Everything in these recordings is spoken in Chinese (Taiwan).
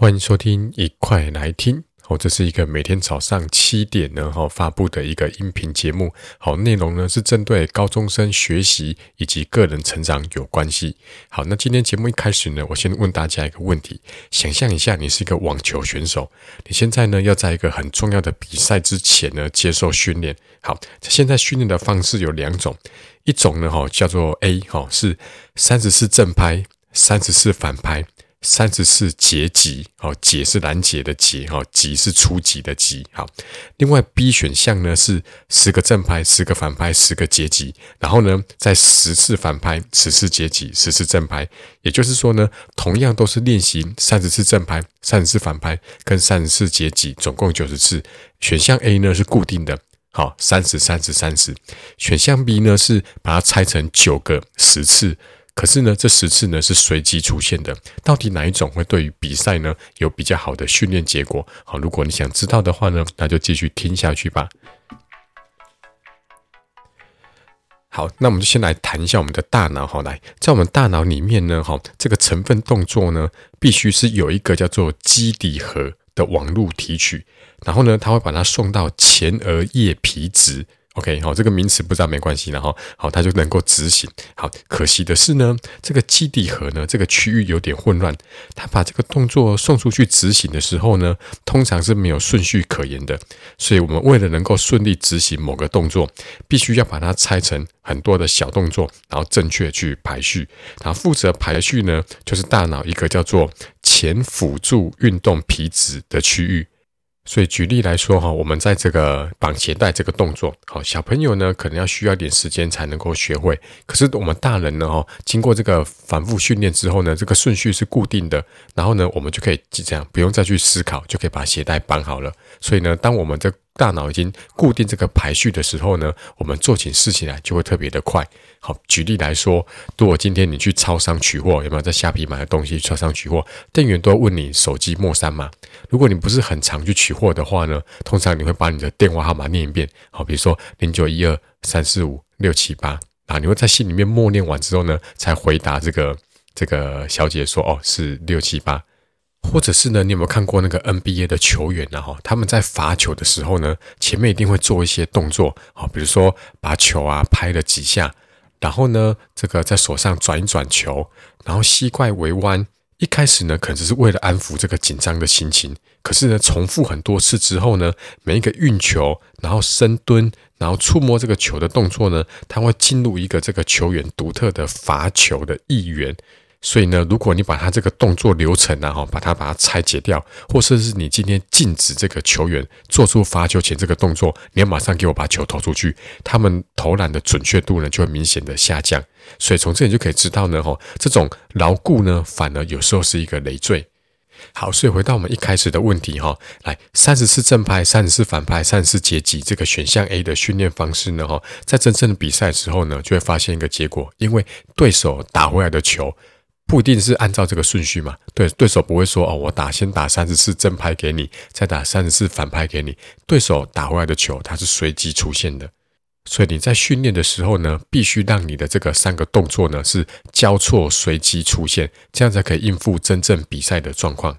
歡迎收聽，一塊來聽。好，這是一個每天早上七點呢，哈、哦、發布的一個音頻節目。好、哦，內容呢是針對高中生學習以及個人成長有關係。好，那今天節目一開始呢，我先問大家一個問題：想象一下，你是一個網球選手，你現在呢要在一個很重要的比賽之前呢接受訓練。好，現在訓練的方式有兩種，一種呢哈叫做 A，哈、哦、是三十四正拍，三十四反拍。三十次截擊，好、哦、截是攔截的截，哈、哦、擊是出擊的擊，好。另外 B 選項呢是十個正拍，十個反拍，十個截擊，然後呢再十次反拍，十次截擊，十次正拍。也就是說呢，同樣都是練習三十次正拍，三十次反拍跟三十次截擊，總共九十次。選項 A 呢是固定的，好、哦、三十三十三十。選項 B 呢是把它拆成九個十次。可是呢，這十次呢是隨機出現的，到底哪一種會對於比賽呢有比較好的訓練結果？好，如果你想知道的話呢，那就繼續聽下去吧。好，那我們就先來談一下我們的大腦。好，來，在我們大腦裡面呢，哈，這個成分動作呢，必須是有一個叫做基底核的網絡提取，然後呢，它會把它送到前額葉皮質。OK，好，這個名詞不知道沒關係，然後好，它就能夠執行。好，可惜的是呢，這個基底核呢，這個區域有點混亂，它把這個動作送出去執行的時候呢，通常是沒有順序可言的。所以我們為了能夠順利執行某個動作，必須要把它拆成很多的小動作，然後正確去排序。然後負責排序呢，就是大腦一個叫做前輔助運動皮質的區域。所以舉例來說哈，我們在這個綁鞋帶這個動作，好，小朋友呢，可能要需要一點時間才能夠學會。可是我們大人呢，經過這個反覆訓練之後呢，這個順序是固定的，然後呢，我們就可以這樣不用再去思考，就可以把鞋帶綁好了。所以呢，當我們的大腦已經固定這個排序的時候呢，我們做起事情來就會特別的快。好，舉例來說，如果今天你去超商取貨，有沒有在蝦皮買的東西？超商取貨，店員都會問你手機末三碼。如果你不是很常去取貨的話呢，通常你會把你的電話號碼念一遍。好，比如說零九一二三四五六七八，啊，你會在心裡面默念完之後呢，才回答這個這個小姐說：“哦，是六七八。”或者是呢，你有沒有看過那個 NBA 的球員、啊、他們在罰球的時候呢，前面一定會做一些動作，啊，比如說把球啊拍了幾下，然後呢，這個在手上轉一轉球，然後膝蓋微彎。一開始呢，可能只是為了安撫這個緊張的心情，可是呢，重複很多次之後呢，每一個運球，然後深蹲，然後觸摸這個球的動作呢，它會進入一個這個球員獨特的罰球的意願。所以呢，如果你把它這個動作流程呢、啊，哈、哦，把它把它拆解掉，或者是，是你今天禁止這個球員做出發球前這個動作，你要馬上給我把球投出去，他們投籃的準確度呢就會明顯的下降。所以從這裡就可以知道呢、哦，這種牢固呢，反而有時候是一個累贅。好，所以回到我們一開始的問題，哈、哦，來，三十四正拍，三十四反拍，三十四截擊，這個選項 A 的訓練方式呢，哦、在真正的比賽的時候呢，就會發現一個結果，因為對手打回來的球。不一定是按照這個順序嘛，對，對手不會說哦，我打，先打三十四正拍給你，再打三十四反拍給你。對手打回來的球，它是隨機出現的。所以你在訓練的時候呢，必須讓你的這個三個動作呢是交錯隨機出現，這樣才可以應付真正比賽的狀況。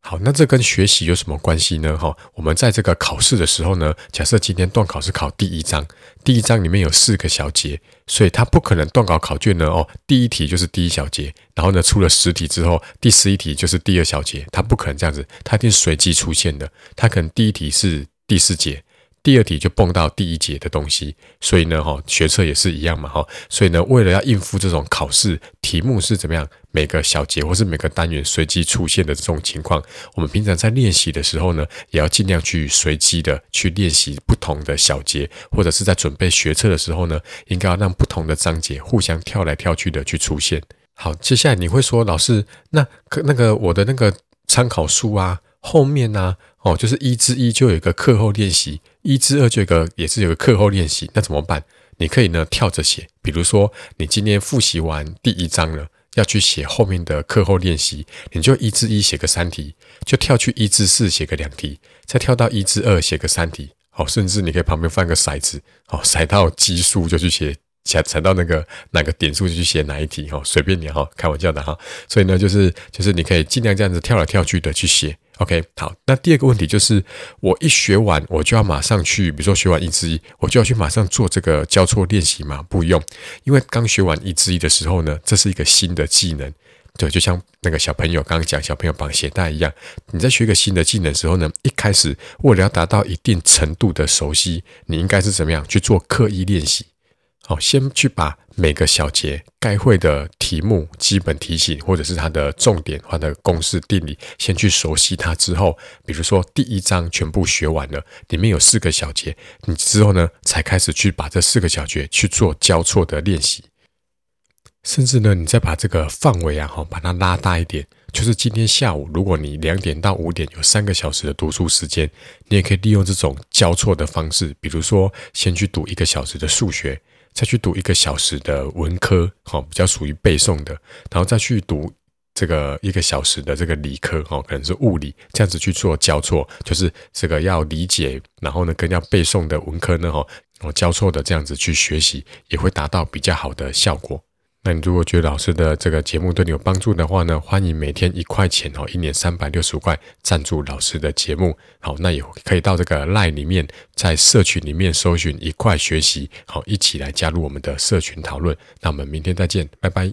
好，那這跟學習有什麼關係呢？哈、哦，我們在這個考試的時候呢，假設今天段考是考第一章，第一章裡面有四個小節，所以它不可能段考考卷呢哦，第一題就是第一小節，然後呢出了十題之後，第十一題就是第二小節，它不可能這樣子，它一定隨機出現的，它可能第一題是第四節。第二題就蹦到第一節的東西，所以呢，哈、哦，學測也是一樣嘛，哈、哦，所以呢，為了要應付這種考試題目是怎麼樣，每個小節或是每個單元隨機出現的這種情況，我們平常在練習的時候呢，也要盡量去隨機的去練習不同的小節，或者是在準備學測的時候呢，應該要讓不同的章節互相跳來跳去的去出現。好，接下來你會說，老師，那那個我的那個參考書啊，後面呢、啊，哦，就是一之一就有一個課後練習。一至二這個也是有個課後練習，那怎麼辦？你可以呢跳着寫，比如說你今天複習完第一章了，要去寫後面的課後練習，你就一至一寫個三題，就跳去一至四寫個兩題，再跳到一至二寫個三題，好、哦，甚至你可以旁邊放個骰子，好、哦，骰到奇數就去寫，骰到那個哪個點數就去寫哪一題，哈、哦，隨便你哈、哦，開玩笑的哈、哦。所以呢，就是就是你可以盡量這樣子跳來跳去的去寫。OK，好，那第二個問題就是，我一學完我就要馬上去，比如說學完一之一，我就要去馬上做這個交錯練習嗎？不用，因為剛學完一之一的時候呢，這是一個新的技能，對，就像那個小朋友剛剛講小朋友綁鞋帶一樣，你在學一個新的技能的時候呢，一開始為了要達到一定程度的熟悉，你應該是怎麼樣去做刻意練習？好，先去把每個小節該會的題目、基本題型，或者是它的重點、它的公式、定理，先去熟悉它。之後，比如說第一章全部學完了，裡面有四個小節，你之後呢，才開始去把這四個小節去做交錯的練習，甚至呢，你再把這個範圍啊，哈，把它拉大一點。就是今天下午，如果你兩點到五點有三個小時的讀書時間，你也可以利用這種交錯的方式，比如說先去讀一個小時的數學，再去讀一個小時的文科，哈、哦，比較屬於背誦的，然後再去讀這個一個小時的這個理科，哈、哦，可能是物理，這樣子去做交錯，就是這個要理解，然後呢，跟要背誦的文科呢，哈、哦，然後交錯的這樣子去學習，也會達到比較好的效果。那你如果覺得老師的這個節目對你有幫助的話呢，歡迎每天一塊錢哦，一年三百六十五塊贊助老師的節目。好，那也可以到這個 LINE 裡面，在社群裡面搜尋一塊學習，好，一起來加入我們的社群討論。那我們明天再見，拜拜。